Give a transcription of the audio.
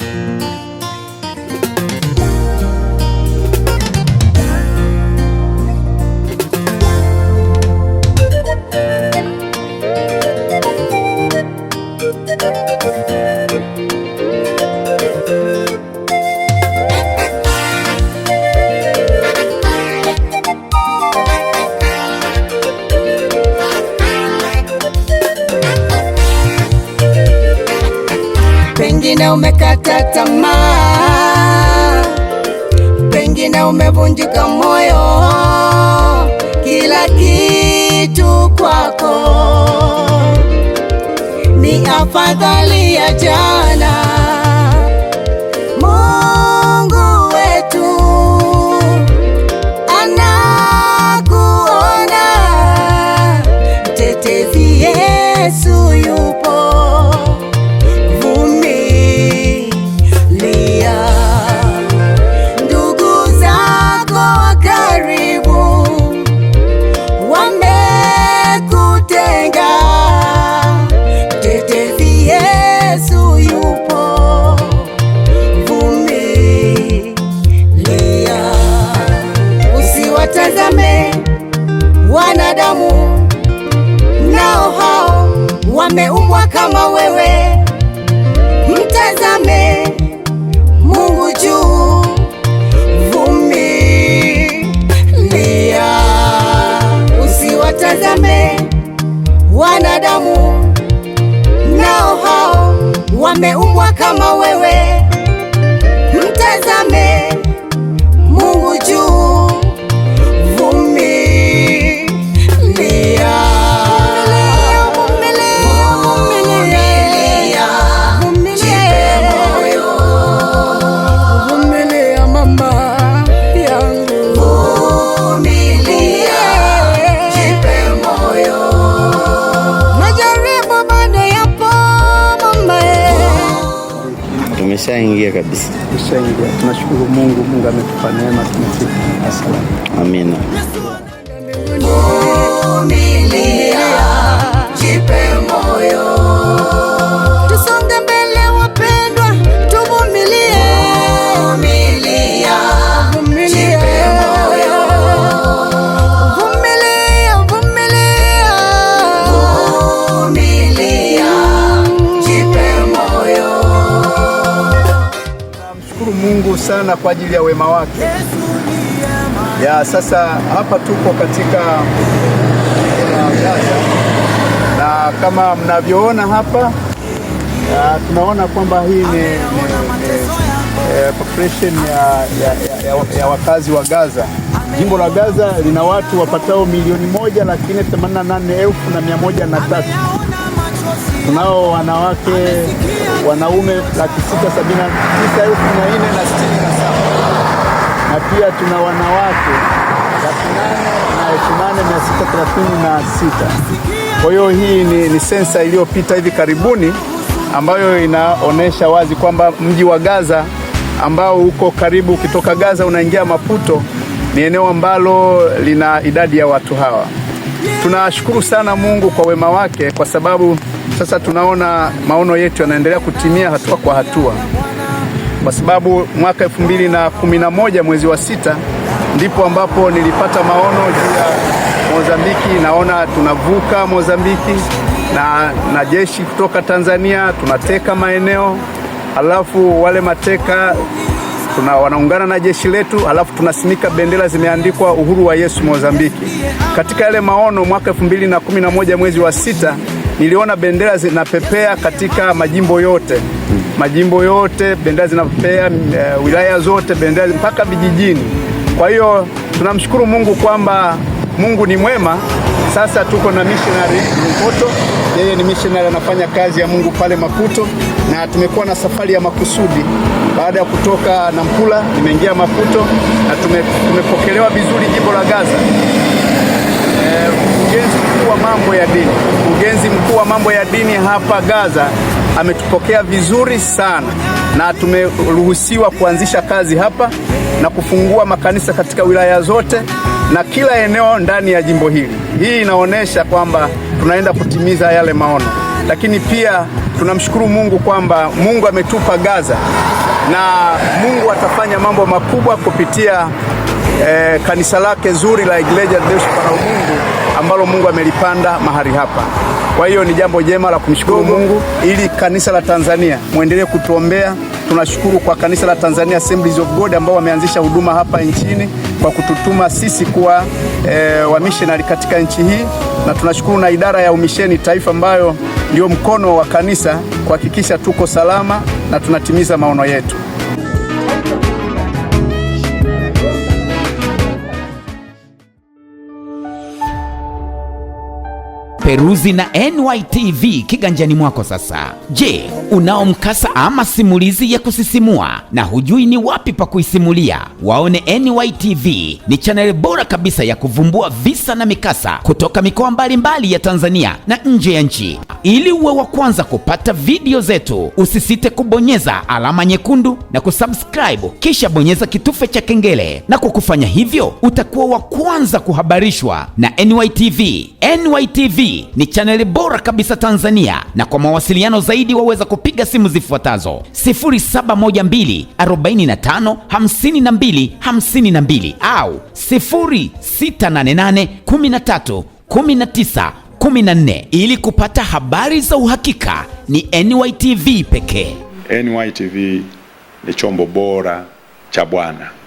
Thank you. Pengine umekata tamaa, pengine umevunjika moyo, kila kitu kwako ni afadhali ya jana. kama wewe, mtazame Mungu juu, vumilia, usiwatazame wanadamu, nao hao wameumbwa kama wewe. Ishaingia kabisa, ishaingia. Tunashukuru Mungu, Mungu ametupa neema, tumefika. amina. jipe moyo. sana kwa ajili ya wema wake. Ya sasa hapa tuko katika na kama mnavyoona hapa na, tunaona kwamba hii ni eh, population ya, ya, ya, ya, ya wakazi wa Gaza. Jimbo la Gaza lina watu wapatao milioni moja laki nne themanini na nane elfu na mia moja na tatu. Tunao wanawake wanaume laki sita sabini na tisa elfu mia nne na sitini pia tuna wanawake laki nane na elfu nane mia sita thelathini na sita. Kwa hiyo hii ni, ni sensa iliyopita hivi karibuni ambayo inaonesha wazi kwamba mji wa Gaza ambao uko karibu, ukitoka Gaza unaingia Maputo, ni eneo ambalo lina idadi ya watu hawa. Tunashukuru sana Mungu kwa wema wake, kwa sababu sasa tunaona maono yetu yanaendelea kutimia hatua kwa hatua kwa sababu mwaka moja mwezi wa sita ndipo ambapo nilipata maono juu ya Mozambiki, naona tunavuka Mozambiki na, na jeshi kutoka Tanzania tunateka maeneo, alafu wale mateka tuna, wanaungana na jeshi letu, alafu tunasimika bendera zimeandikwa uhuru wa Yesu Mozambiki. Katika yale maono mwaka 2011 mwezi wa sita niliona bendera zinapepea katika majimbo yote, majimbo yote bendera zinapepea, uh, wilaya zote bendera mpaka vijijini. Kwa hiyo tunamshukuru Mungu kwamba Mungu ni mwema. Sasa tuko na missionary Mpoto, yeye ni missionary anafanya kazi ya Mungu pale Maputo, na tumekuwa na safari ya makusudi. Baada ya kutoka Nampula, nimeingia Maputo na tume, tumepokelewa vizuri jimbo la Gaza. Eh, mkurugenzi eh, mkuu wa mambo ya dini, mkurugenzi mkuu wa mambo ya dini hapa Gaza ametupokea vizuri sana na tumeruhusiwa kuanzisha kazi hapa na kufungua makanisa katika wilaya zote na kila eneo ndani ya jimbo hili. Hii inaonyesha kwamba tunaenda kutimiza yale maono, lakini pia tunamshukuru Mungu kwamba Mungu ametupa Gaza na Mungu atafanya mambo makubwa kupitia eh, kanisa lake zuri la Iglesia de Deus para Mungu ambalo Mungu amelipanda mahali hapa. Kwa hiyo ni jambo jema la kumshukuru Mungu, ili kanisa la Tanzania muendelee kutuombea. Tunashukuru kwa kanisa la Tanzania Assemblies of God ambao wameanzisha huduma hapa nchini kwa kututuma sisi kuwa e, eh, wamishonari katika nchi hii, na tunashukuru na idara ya umisheni taifa ambayo ndio mkono wa kanisa kuhakikisha tuko salama na tunatimiza maono yetu. peruzi na NYTV kiganjani mwako sasa. Je, unao mkasa ama simulizi ya kusisimua na hujui ni wapi pa kuisimulia? Waone NYTV ni chaneli bora kabisa ya kuvumbua visa na mikasa kutoka mikoa mbalimbali ya Tanzania na nje ya nchi ili uwe wa kwanza kupata video zetu, usisite kubonyeza alama nyekundu na kusubscribe, kisha bonyeza kitufe cha kengele, na kwa kufanya hivyo utakuwa wa kwanza kuhabarishwa na NYTV. NYTV ni chaneli bora kabisa Tanzania, na kwa mawasiliano zaidi waweza kupiga simu zifuatazo 0712 au 0688 13 19 14 ili kupata habari za uhakika ni nytv pekee. nytv ni chombo bora cha Bwana.